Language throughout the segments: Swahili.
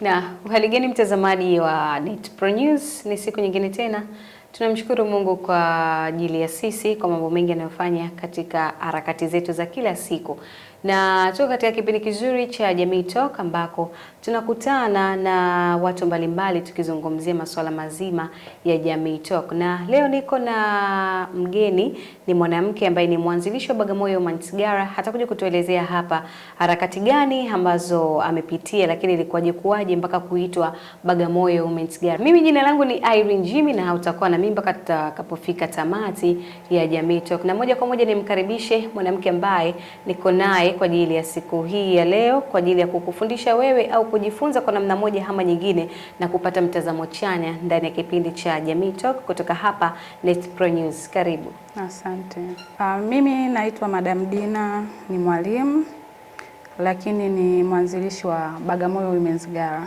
Na uhaligani mtazamaji wa Netpro News, ni siku nyingine tena tunamshukuru Mungu kwa ajili ya sisi kwa mambo mengi anayofanya katika harakati zetu za kila siku, na tuko katika kipindi kizuri cha Jamii Talk ambako tunakutana na watu mbalimbali tukizungumzia masuala mazima ya Jamii Talk, na leo niko na mgeni, ni mwanamke ambaye ni mwanzilishi wa Bagamoyo Mansigara. Atakuja kutuelezea hapa harakati gani ambazo amepitia, lakini ilikuwaje kuwaje mpaka kuitwa Bagamoyo Mansigara. Mimi jina langu ni Irene Jimmy na hautakuwa na mimi mpaka tutakapofika tamati ya Jamii Talk, na moja kwa moja nimkaribishe mwanamke ambaye niko naye kwa ajili ya siku hii ya leo kwa ajili ya kukufundisha wewe au kujifunza kwa namna moja ama nyingine na kupata mtazamo chanya ndani ya kipindi cha Jamii Talk kutoka hapa Pro News. Karibu. Asante. Uh, mimi naitwa Madam Dina, ni mwalimu lakini ni mwanzilishi wa Bagamoyo Women's Gala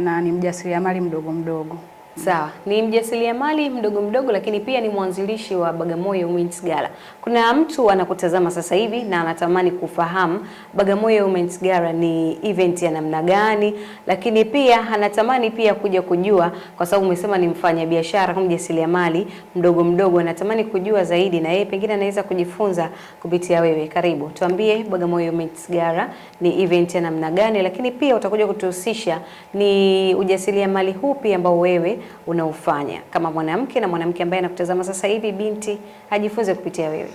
na ni mjasiriamali mdogo mdogo. Sawa, ni mjasiriamali mdogo mdogo, lakini pia ni mwanzilishi wa Bagamoyo Women's Gala. Kuna mtu anakutazama sasa hivi na anatamani kufahamu Bagamoyo Women's Gala ni event ya namna gani, lakini pia anatamani pia kuja kujua, kwa sababu umesema ni mfanyabiashara au mjasiriamali mdogo mdogo, anatamani kujua zaidi, na yeye pengine anaweza kujifunza kupitia wewe. Karibu tuambie, Bagamoyo Women's Gala ni event ya namna gani, lakini pia utakuja kutuhusisha ni ujasiriamali hupi ambao wewe unaofanya kama mwanamke na mwanamke ambaye anakutazama sasa hivi, binti ajifunze kupitia wewe.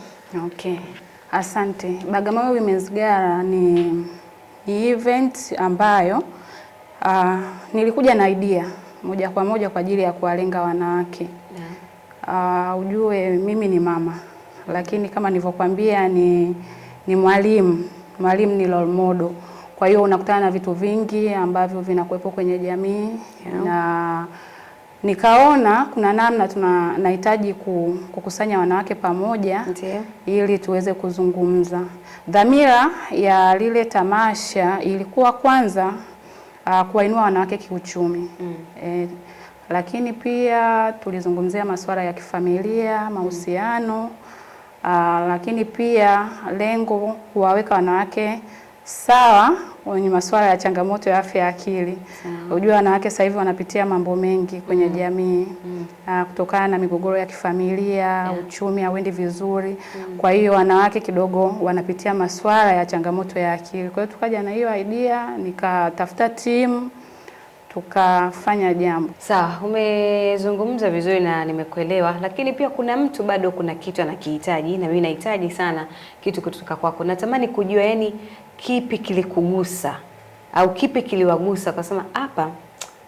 Okay, asante. Bagamoyo Women's Gala ni, ni event ambayo uh, nilikuja na idea moja kwa moja kwa ajili ya kuwalenga wanawake uh, ujue mimi ni mama lakini kama nilivyokuambia ni ni mwalimu, mwalimu ni role model. Kwa hiyo unakutana na vitu vingi ambavyo vinakuwepo kwenye jamii yeah. na Nikaona kuna namna tunahitaji kukusanya wanawake pamoja Ndiye. ili tuweze kuzungumza. Dhamira ya lile tamasha ilikuwa kwanza uh, kuwainua wanawake kiuchumi mm. E, lakini pia tulizungumzia masuala ya kifamilia, mahusiano mm. uh, lakini pia lengo kuwaweka wanawake sawa kwenye masuala ya changamoto ya afya ya akili. Unajua wanawake sasa hivi wanapitia mambo mengi kwenye mm. jamii mm. Uh, kutokana na migogoro ya kifamilia yeah. Uchumi hauendi vizuri mm. Kwa hiyo wanawake kidogo wanapitia masuala ya changamoto ya akili, kwa hiyo tukaja na hiyo idea, nikatafuta timu tukafanya jambo. Sawa, umezungumza vizuri na nimekuelewa, lakini pia kuna mtu bado kuna kitu anakihitaji, na mimi nahitaji sana kitu kutoka kwako. Natamani kujua yani kipi kilikugusa au kipi kiliwagusa kasema hapa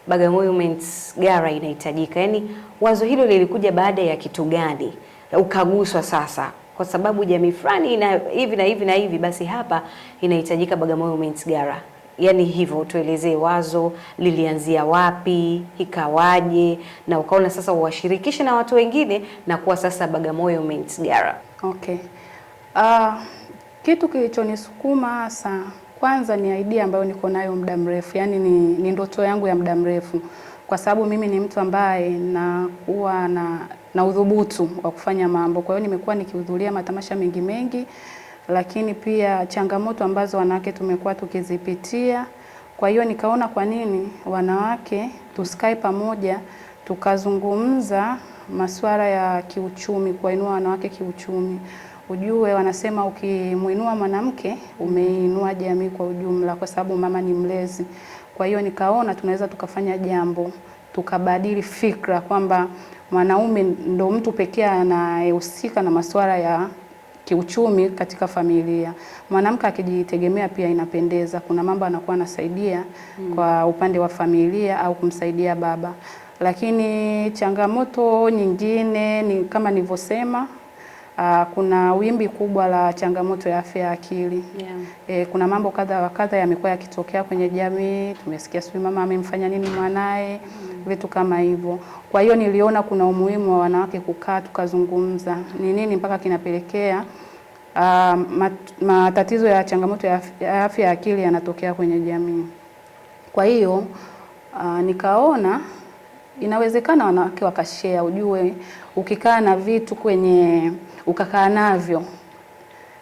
Bagamoyo Men's Gala inahitajika? Yaani wazo hilo lilikuja baada ya kitu gani ukaguswa sasa kwa sababu jamii fulani ina hivi na hivi na hivi, basi hapa inahitajika Bagamoyo Men's Gala. Yaani hivyo, tuelezee wazo lilianzia wapi, ikawaje, na ukaona sasa uwashirikishe na watu wengine na kuwa sasa Bagamoyo Men's Gala. Okay. Uh... Kitu kilichonisukuma hasa kwanza ni idea ambayo niko nayo muda mrefu, yaani ni, ni ndoto yangu ya muda mrefu, kwa sababu mimi ni mtu ambaye nakuwa na, na udhubutu wa kufanya mambo. Kwa hiyo nimekuwa nikihudhuria matamasha mengi mengi, lakini pia changamoto ambazo wanawake tumekuwa tukizipitia. Kwa hiyo nikaona kwa nini wanawake tusikae pamoja tukazungumza masuala ya kiuchumi, kuwainua wanawake kiuchumi. Ujue wanasema ukimwinua mwanamke umeinua jamii kwa ujumla, kwa sababu mama ni mlezi. Kwa hiyo nikaona tunaweza tukafanya jambo, tukabadili fikra kwamba mwanaume ndo mtu pekee anayehusika na masuala ya kiuchumi katika familia. Mwanamke akijitegemea pia inapendeza, kuna mambo anakuwa anasaidia mm, kwa upande wa familia au kumsaidia baba. Lakini changamoto nyingine ni kama nilivyosema, uh, kuna wimbi kubwa la changamoto ya afya ya akili yeah. E, kuna mambo kadha wa kadha yamekuwa yakitokea kwenye jamii. Tumesikia sijui mama amemfanya nini mwanaye mm. vitu kama hivyo. Kwa hiyo niliona kuna umuhimu wa wanawake kukaa tukazungumza ni nini mpaka kinapelekea Uh, mat, matatizo ya changamoto ya afya ya akili yanatokea kwenye jamii. Kwa hiyo uh, nikaona inawezekana wanawake wakashare. Ujue ukikaa na vitu kwenye ukakaa navyo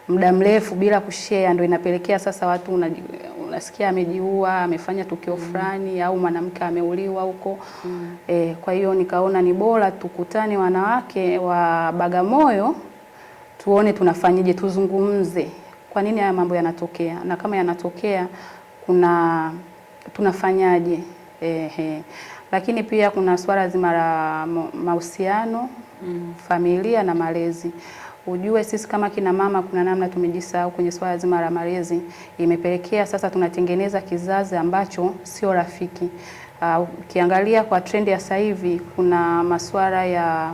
muda mrefu bila kushare, ndio inapelekea sasa watu una, unasikia amejiua, amefanya tukio mm. fulani au mwanamke ameuliwa huko mm. E, kwa hiyo nikaona ni bora tukutane wanawake wa Bagamoyo tuone tunafanyije, tuzungumze kwa nini haya mambo yanatokea, na kama yanatokea kuna tunafanyaje? Ehe lakini pia kuna swala zima la mahusiano mm. familia na malezi. Ujue sisi kama kina mama kuna namna tumejisahau kwenye swala zima la malezi, imepelekea sasa tunatengeneza kizazi ambacho sio rafiki. Ah, ukiangalia uh, kwa trendi ya sasa hivi kuna masuala ya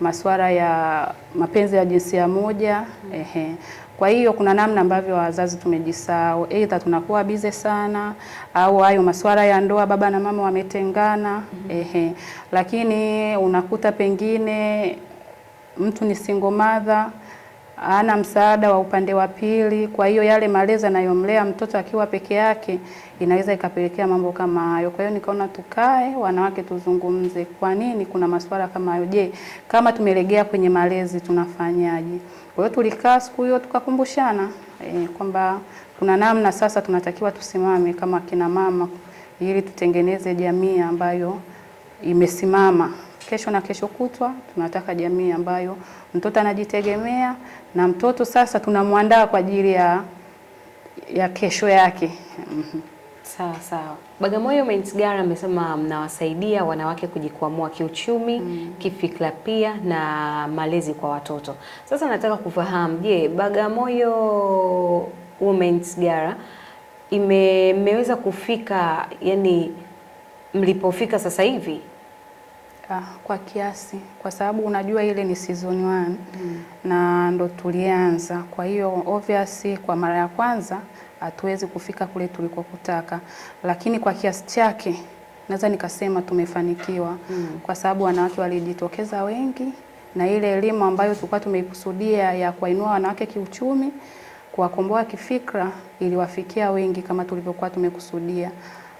masuala ya mapenzi ya jinsia moja mm. ehe kwa hiyo kuna namna ambavyo wazazi tumejisahau, aidha tunakuwa bize sana au hayo masuala ya ndoa, baba na mama wametengana. mm -hmm. Ehe, lakini unakuta pengine mtu ni single mother ana msaada wa upande wa pili. Kwa hiyo yale malezi anayomlea mtoto akiwa peke yake inaweza ikapelekea mambo kama hayo. Kwa hiyo nikaona tukae wanawake tuzungumze, kwa nini kuna masuala kama hayo. Je, kama tumelegea kwenye malezi tunafanyaje? Kwa hiyo tulikaa siku hiyo tukakumbushana e, kwamba kuna namna sasa tunatakiwa tusimame kama kina mama ili tutengeneze jamii ambayo imesimama. Kesho na kesho kutwa tunataka jamii ambayo mtoto anajitegemea na mtoto sasa tunamwandaa kwa ajili ya ya kesho yake. Mhm. Sawa sawa. Bagamoyo Mensgara amesema mnawasaidia wanawake kujikwamua kiuchumi, mm. kifikra pia na malezi kwa watoto. Sasa nataka kufahamu, je, Bagamoyo Women's Gara ime- imeweza kufika yani mlipofika sasa hivi? Ah, kwa kiasi, kwa sababu unajua ile ni season 1 mm. na ndo tulianza, kwa hiyo obviously kwa mara ya kwanza hatuwezi kufika kule tulikokutaka, lakini kwa kiasi chake naweza nikasema tumefanikiwa mm. kwa sababu wanawake walijitokeza wengi na ile elimu ambayo tulikuwa tumeikusudia ya kuwainua wanawake kiuchumi, kuwakomboa kifikra, iliwafikia wengi kama tulivyokuwa tumekusudia.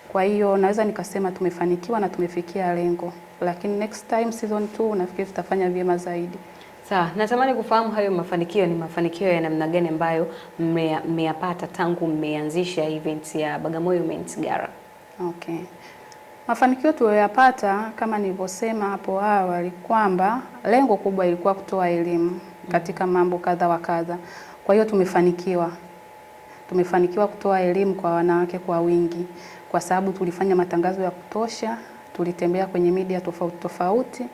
Kwa hiyo naweza nikasema tumefanikiwa na tumefikia lengo, lakini next time season 2 nafikiri tutafanya vyema zaidi. Sawa, natamani kufahamu hayo mafanikio ni mafanikio ya namna gani ambayo mmeyapata tangu mmeanzisha event ya Bagamoyo Men's Gala. Okay. Mafanikio tuliyoyapata kama nilivyosema hapo awali kwamba lengo kubwa ilikuwa kutoa elimu katika mambo kadha wa kadha. Kwa hiyo tumefanikiwa. Tumefanikiwa kutoa elimu kwa wanawake kwa wingi kwa sababu tulifanya matangazo ya kutosha, tulitembea kwenye media tofauti tofauti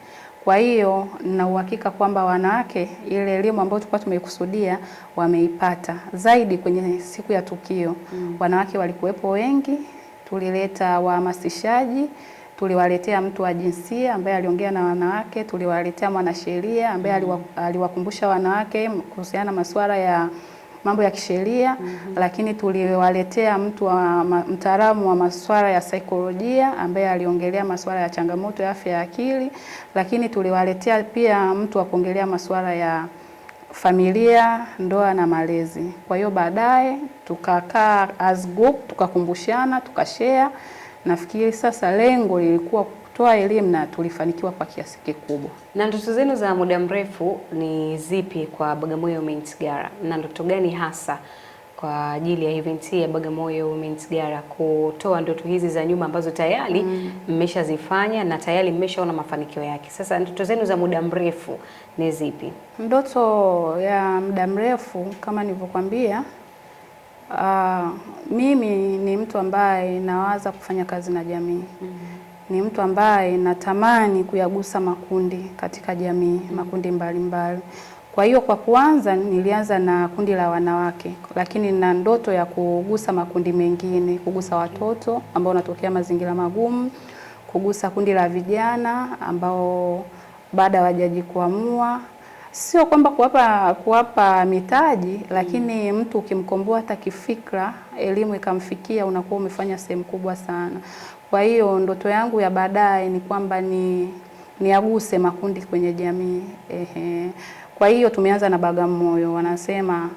kwa hiyo na uhakika kwamba wanawake ile elimu ambayo tulikuwa tumeikusudia wameipata zaidi. Kwenye siku ya tukio mm. wanawake walikuwepo wengi, tulileta wahamasishaji tuliwaletea mtu wa jinsia ambaye aliongea na wanawake, tuliwaletea mwanasheria ambaye mm. aliwakumbusha wanawake kuhusiana na masuala ya mambo ya kisheria mm -hmm. Lakini tuliwaletea mtu wa mtaalamu wa masuala ya saikolojia ambaye aliongelea masuala ya changamoto ya afya ya akili, lakini tuliwaletea pia mtu wa kuongelea masuala ya familia, ndoa na malezi. Kwa hiyo baadaye tukakaa as group, tukakumbushana, tukashare. Nafikiri sasa lengo lilikuwa kutoa elimu na tulifanikiwa kwa kiasi kikubwa. Na ndoto zenu za muda mrefu ni zipi kwa Bagamoyo Women's Gala, na ndoto gani hasa kwa ajili ya event hii ya Bagamoyo Women's Gala, kutoa ndoto hizi za nyuma ambazo tayari mm. mmeshazifanya mm, na tayari mmeshaona mafanikio yake. Sasa ndoto zenu za muda mrefu ni zipi? Ndoto ya muda mrefu kama nilivyokuambia, uh, mimi ni mtu ambaye nawaza kufanya kazi na jamii mm ni mtu ambaye natamani kuyagusa makundi katika jamii, makundi mbalimbali. Kwa hiyo kwa kuanza, nilianza na kundi la wanawake, lakini na ndoto ya kugusa makundi mengine, kugusa watoto ambao wanatokea mazingira magumu, kugusa kundi la vijana ambao baada wajaji kuamua sio kwamba kuwapa kuwapa mitaji, lakini mtu ukimkomboa hata kifikra, elimu ikamfikia, unakuwa umefanya sehemu kubwa sana. Kwa hiyo ndoto yangu ya baadaye ni kwamba ni niaguse makundi kwenye jamii ehe. Kwa hiyo tumeanza na Bagamoyo, wanasema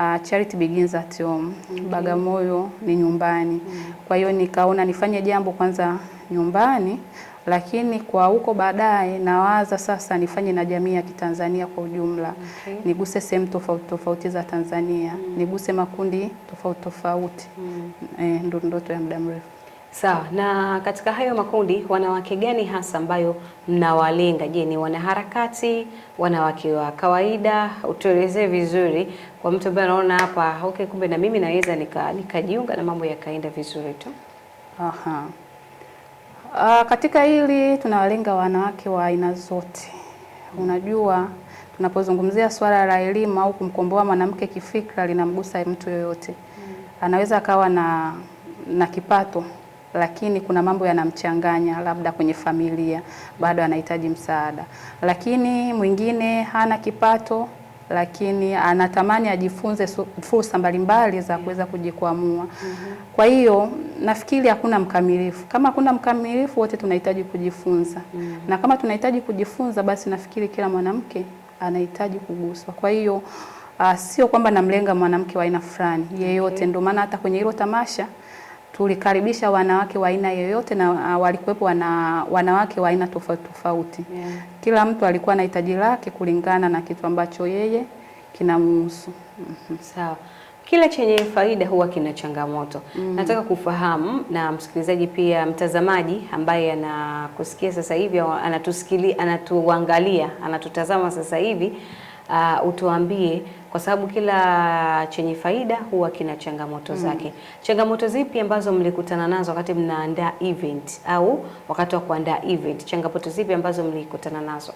uh, charity begins at home. Mm-hmm. Bagamoyo ni nyumbani. Mm-hmm. Kwa hiyo nikaona nifanye jambo kwanza nyumbani, lakini kwa huko baadaye nawaza sasa nifanye na jamii ya Kitanzania kwa ujumla. Okay. Niguse sehemu tofauti tofauti za Tanzania. Mm. Niguse makundi tofauti tofauti. Mm. Eh, ndo ndoto ya muda mrefu. Sawa. Na katika hayo makundi wanawake gani hasa ambayo mnawalenga? Je, ni wanaharakati, wanawake wa kawaida? Utuelezee vizuri kwa mtu ambaye anaona hapa, okay, kumbe na mimi naweza nikajiunga nika na mambo yakaenda vizuri tu. Aha. Uh, katika hili tunawalenga wanawake wa aina zote. Unajua, tunapozungumzia swala la elimu au kumkomboa mwanamke kifikra linamgusa mtu yoyote. Anaweza akawa na na kipato lakini kuna mambo yanamchanganya, labda kwenye familia bado anahitaji msaada, lakini mwingine hana kipato lakini anatamani ajifunze fursa mbalimbali za kuweza kujikwamua. mm -hmm. Kwa hiyo nafikiri hakuna mkamilifu. Kama hakuna mkamilifu, wote tunahitaji kujifunza. mm -hmm. Na kama tunahitaji kujifunza, basi nafikiri kila mwanamke anahitaji kuguswa. Kwa hiyo uh, sio kwamba namlenga mwanamke wa aina fulani yeyote. okay. Ndio maana hata kwenye hilo tamasha tulikaribisha wanawake wa aina yoyote na uh, walikuwepo wana, wanawake wa aina tofauti tofauti yeah. Kila mtu alikuwa na hitaji lake kulingana na kitu ambacho yeye kinamhusu. mm -hmm. Sawa. Kila chenye faida huwa kina changamoto. mm -hmm. Nataka kufahamu na msikilizaji pia mtazamaji ambaye anakusikia sasa hivi anatusikilia, anatuangalia, anatutazama sasa hivi uh, utuambie kwa sababu kila chenye faida huwa kina changamoto mm. zake. Mm. Changamoto zipi ambazo mlikutana nazo wakati mnaandaa event au wakati wa kuandaa event? Changamoto zipi ambazo mlikutana nazo?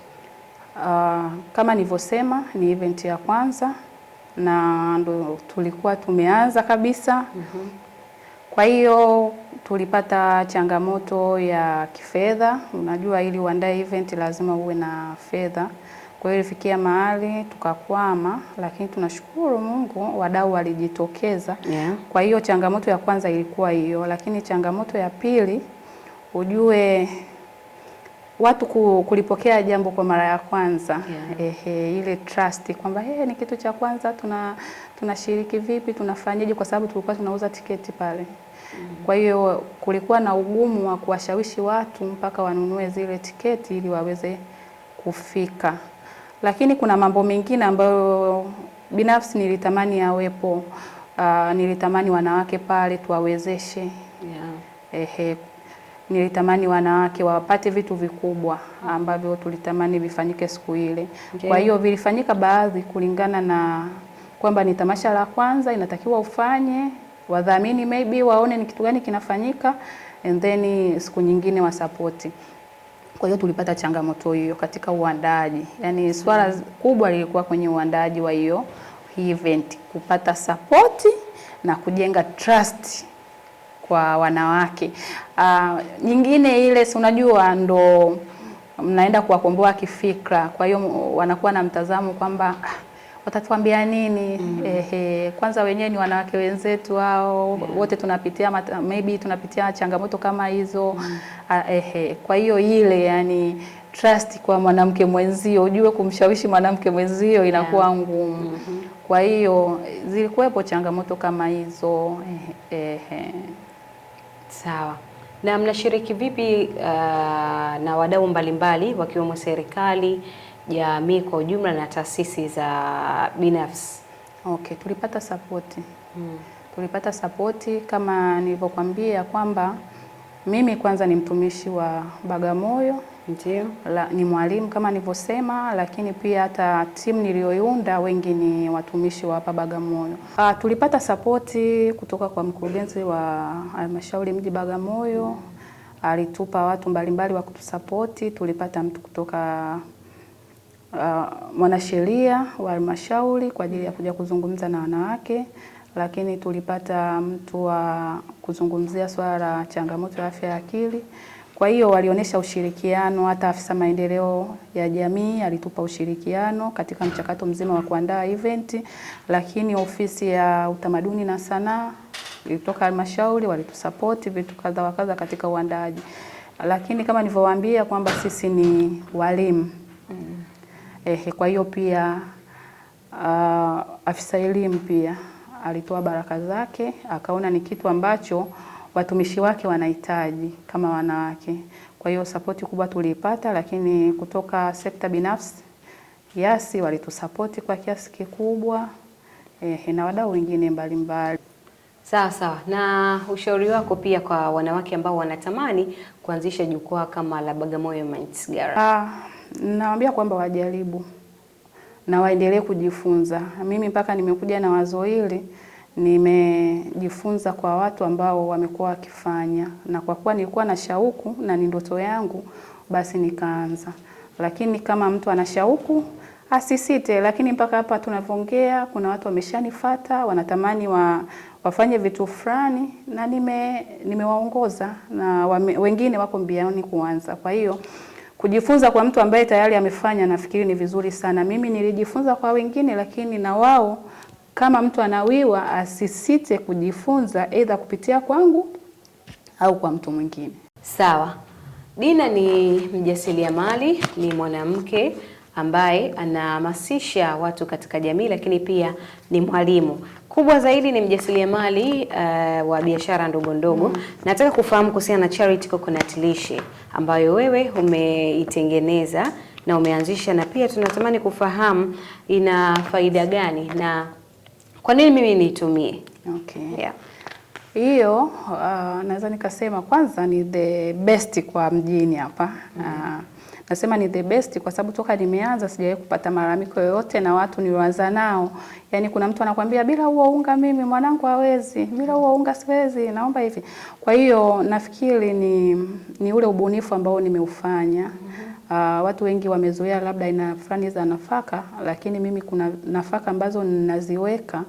Uh, kama nilivyosema ni event ya kwanza na ndo tulikuwa tumeanza kabisa. Mm -hmm. Kwa hiyo tulipata changamoto ya kifedha. Unajua, ili uandae event lazima uwe na fedha. Kwa hiyo ilifikia mahali tukakwama, lakini tunashukuru Mungu, wadau walijitokeza yeah. Kwa hiyo changamoto ya kwanza ilikuwa hiyo, lakini changamoto ya pili ujue watu kulipokea jambo kwa mara ya kwanza yeah. Ehe, ile trust kwamba hey, ni kitu cha kwanza, tuna tunashiriki vipi, tunafanyaje? Kwa sababu tulikuwa tunauza tiketi pale mm -hmm. Kwa hiyo kulikuwa na ugumu wa kuwashawishi watu mpaka wanunue zile tiketi ili waweze kufika lakini kuna mambo mengine ambayo binafsi nilitamani yawepo. Uh, nilitamani wanawake pale tuwawezeshe, yeah. Ehe, nilitamani wanawake wapate vitu vikubwa ambavyo tulitamani vifanyike siku ile, okay. Kwa hiyo vilifanyika baadhi kulingana na kwamba ni tamasha la kwanza, inatakiwa ufanye wadhamini maybe waone ni kitu gani kinafanyika and then siku nyingine wasapoti. Kwa hiyo tulipata changamoto hiyo katika uandaaji, yaani swala kubwa lilikuwa kwenye uandaaji wa hiyo event, kupata sapoti na kujenga trust kwa wanawake. Uh, nyingine ile si unajua ndo mnaenda kuwakomboa kifikra, kwa hiyo wanakuwa na mtazamo kwamba watatuambia nini? mm -hmm. Ehe, kwanza wenyewe ni wanawake wenzetu hao, yeah. Wote tunapitia maybe tunapitia changamoto kama hizo mm -hmm. Ehe, kwa hiyo ile yani trust kwa mwanamke mwenzio, ujue kumshawishi mwanamke mwenzio inakuwa yeah. ngumu mm -hmm. Kwa hiyo zilikuwepo changamoto kama hizo ehe, ehe. Sawa na mnashiriki vipi uh, na wadau mbalimbali wakiwemo serikali jamii kwa ujumla na taasisi za binafsi? Okay, tulipata sapoti hmm. Tulipata sapoti kama nilivyokuambia kwamba mimi kwanza ni mtumishi wa Bagamoyo ndio, ni mwalimu kama nilivyosema, lakini pia hata timu niliyoiunda wengi ni watumishi wa hapa Bagamoyo. Ah, tulipata sapoti kutoka kwa mkurugenzi wa halmashauri mji Bagamoyo Alitupa watu mbalimbali wa kutusapoti. Tulipata mtu kutoka uh, mwanasheria wa halmashauri kwa ajili ya kuja kuzungumza na wanawake, lakini tulipata mtu wa kuzungumzia swala la changamoto ya afya ya akili. Kwa hiyo walionyesha ushirikiano, hata afisa maendeleo ya jamii alitupa ushirikiano katika mchakato mzima wa kuandaa event, lakini ofisi ya utamaduni na sanaa ilitoka halmashauri walitusapoti vitu kadha wa kadha katika uandaaji, lakini kama nilivyowaambia kwamba sisi ni walimu Ehe, kwa hiyo pia uh, afisa elimu pia alitoa baraka zake, akaona ni kitu ambacho watumishi wake wanahitaji kama wanawake. Kwa hiyo sapoti kubwa tuliipata, lakini kutoka sekta binafsi YASI walitusapoti kwa kiasi kikubwa eh, na wadau wengine mbalimbali. Sawa sawa. Na ushauri wako pia kwa wanawake ambao wanatamani kuanzisha jukwaa kama la Bagamoyo Mites Gala? Nawaambia kwamba wajaribu na waendelee kujifunza. Mimi mpaka nimekuja na wazo hili nimejifunza kwa watu ambao wamekuwa wakifanya, na kwa kuwa nilikuwa na shauku na ni ndoto yangu, basi nikaanza. Lakini kama mtu ana shauku asisite, lakini mpaka hapa tunavyoongea kuna watu wameshanifuata, wanatamani wa, wafanye vitu fulani na nimewaongoza nime na wame, wengine wako mbioni kuanza, kwa hiyo Kujifunza kwa mtu ambaye tayari amefanya, nafikiri ni vizuri sana. Mimi nilijifunza kwa wengine, lakini na wao kama mtu anawiwa asisite kujifunza, aidha kupitia kwangu au kwa mtu mwingine. Sawa. Dina ni mjasiriamali, ni mwanamke ambaye anahamasisha watu katika jamii, lakini pia ni mwalimu kubwa zaidi ni mjasiriamali uh, wa biashara ndogo ndogo. Mm. Nataka kufahamu kuhusiana na Charity Coconut Lishe ambayo wewe umeitengeneza na umeanzisha, na pia tunatamani kufahamu ina faida gani na kwa nini mimi niitumie? Okay. Yeah. Hiyo uh, naweza nikasema kwanza ni the best kwa mjini hapa. Mm. Uh, Nasema ni the best kwa sababu toka nimeanza sijawahi kupata malalamiko yoyote na watu niliwaanza nao. Yaani kuna mtu anakuambia bila huo unga mimi mwanangu hawezi, bila huo unga siwezi, naomba hivi. Kwa hiyo nafikiri ni ni ule ubunifu ambao nimeufanya. Mm -hmm. Uh, watu wengi wamezoea labda aina fulani za nafaka, lakini mimi kuna nafaka ambazo ninaziweka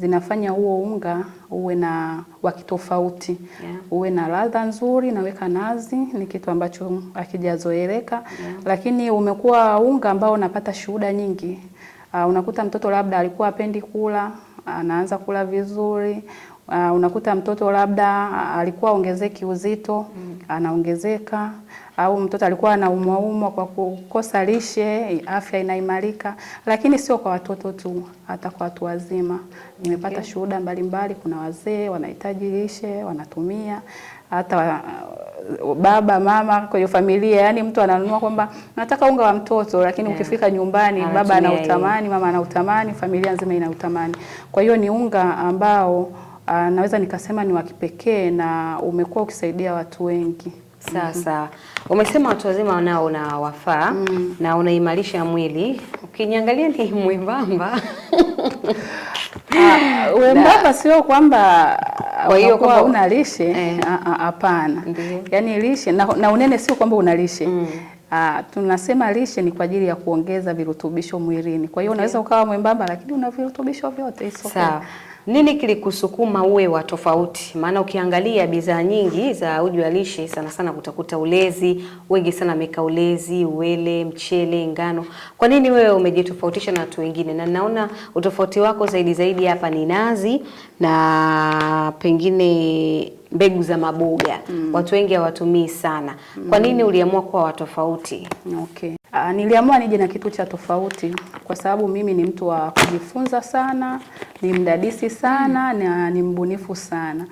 zinafanya huo unga uwe na wa kitofauti yeah. uwe na ladha nzuri. Naweka nazi, ni kitu ambacho hakijazoeleka yeah. Lakini umekuwa unga ambao unapata shuhuda nyingi. Uh, unakuta mtoto labda alikuwa apendi kula, anaanza kula vizuri. Uh, unakuta mtoto labda alikuwa ongezeki uzito, mm. anaongezeka au mtoto alikuwa anaumwaumwa kwa kukosa lishe, afya inaimarika. Lakini sio kwa watoto tu, hata kwa watu wazima nimepata okay, shuhuda mbalimbali. Kuna wazee wanahitaji lishe, wanatumia hata uh, baba mama kwenye familia, yani mtu ananunua kwamba nataka unga wa mtoto, lakini yeah, ukifika nyumbani Anatumia baba anautamani, mama anautamani, familia nzima inautamani. Kwa hiyo ni unga ambao uh, naweza nikasema ni wa kipekee na umekuwa ukisaidia watu wengi. Sasa umesema watu wazima nao unawafaa mm. na unaimarisha mwili, ukiniangalia ni mwembamba ah, wembamba sio kwamba kwa hiyo kwamba una lishe eh. Ah, ah, hapana eh. Yaani lishe na, na unene sio kwamba una lishe mm. Ah, tunasema lishe ni kwa ajili ya kuongeza virutubisho mwilini. Kwa hiyo unaweza ukawa mwembamba lakini una virutubisho vyote, sawa. Nini kilikusukuma uwe wa tofauti? Maana ukiangalia bidhaa nyingi za uji wa lishe sana sana kutakuta ulezi, wengi sana meka ulezi, uwele, mchele, ngano. Kwa nini wewe umejitofautisha na watu wengine? Na naona utofauti wako zaidi zaidi hapa ni nazi na pengine mbegu za maboga. Mm. Watu wengi hawatumii sana. Kwa mm. nini uliamua kuwa wa tofauti? Okay. Uh, niliamua nije na kitu cha tofauti kwa sababu mimi ni mtu wa kujifunza sana, ni mdadisi sana na ni mbunifu sana.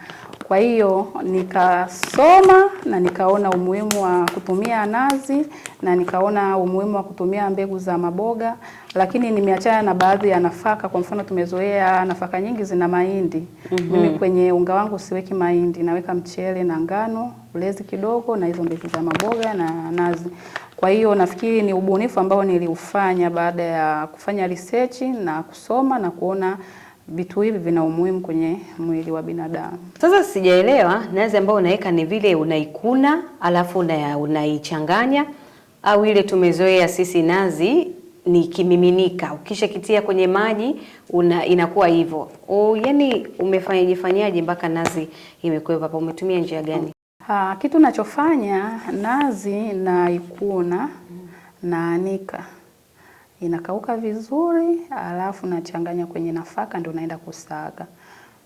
Kwa hiyo nikasoma na nikaona umuhimu wa kutumia nazi na nikaona umuhimu wa kutumia mbegu za maboga, lakini nimeachana na baadhi ya nafaka. Kwa mfano, tumezoea nafaka nyingi zina mahindi. mm -hmm. Mimi kwenye unga wangu siweki mahindi, naweka mchele na ngano, ulezi kidogo, na hizo mbegu za maboga na nazi. Kwa hiyo nafikiri ni ubunifu ambao niliufanya baada ya kufanya research na kusoma na kuona vitu hivi vina umuhimu kwenye mwili wa binadamu. Sasa sijaelewa, nazi ambayo unaweka ni vile unaikuna alafu una, unaichanganya au ile tumezoea sisi nazi ni kimiminika, ukishakitia kwenye maji una, inakuwa hivyo. Oh, yani umefanyaje mpaka nazi imekuwa hapa? Umetumia njia gani? Aa, ah, kitu nachofanya nazi na na naanika inakauka vizuri, alafu nachanganya kwenye nafaka ndio naenda kusaga.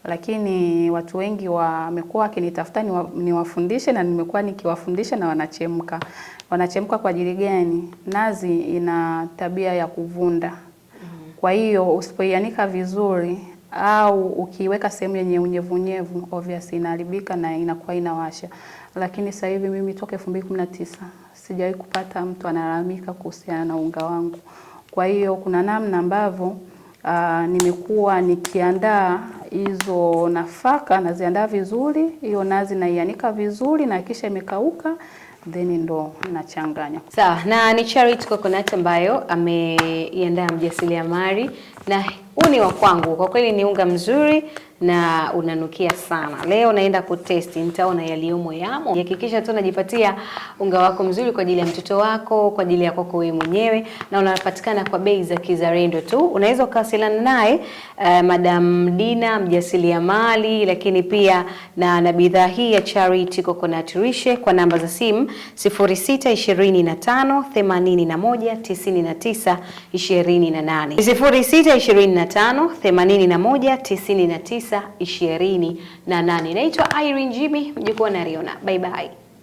Lakini watu wengi wamekuwa wakinitafuta niwafundishe na nimekuwa nikiwafundisha na wanachemka. Wanachemka kwa ajili gani? Nazi ina tabia ya kuvunda, kwa hiyo usipoianika vizuri au ukiweka sehemu yenye unyevunyevu obviously inaharibika na inakuwa inawasha. Lakini sasa hivi mimi toka 2019 sijawahi kupata mtu analalamika kuhusiana na unga wangu. Kwa hiyo kuna namna ambavyo Uh, nimekuwa nikiandaa hizo nafaka naziandaa vizuri, hiyo nazi naianika vizuri na kisha imekauka then ndo nachanganya. Sawa, na ni Charity Coconut ambayo ameiandaa mjasiriamali na huu ni wa kwangu. Kwa kweli ni unga mzuri na unanukia sana. Leo naenda kutesti, nitaona yaliyomo yamo. Hakikisha tu unajipatia unga wako mzuri kwa ajili ya mtoto wako, kwa ajili ya kwako wewe mwenyewe, na unapatikana kwa bei za kizarendo tu. Unaweza ukawasiliana naye uh, Madam Dina mjasiriamali, lakini pia na na bidhaa hii ya Charity Coconut Rishe kwa namba za simu 0625 81 99 28 06 kupitia 25 81 99 28. Naitwa Irene Jimmy, mjukuu na Riona. Bye bye.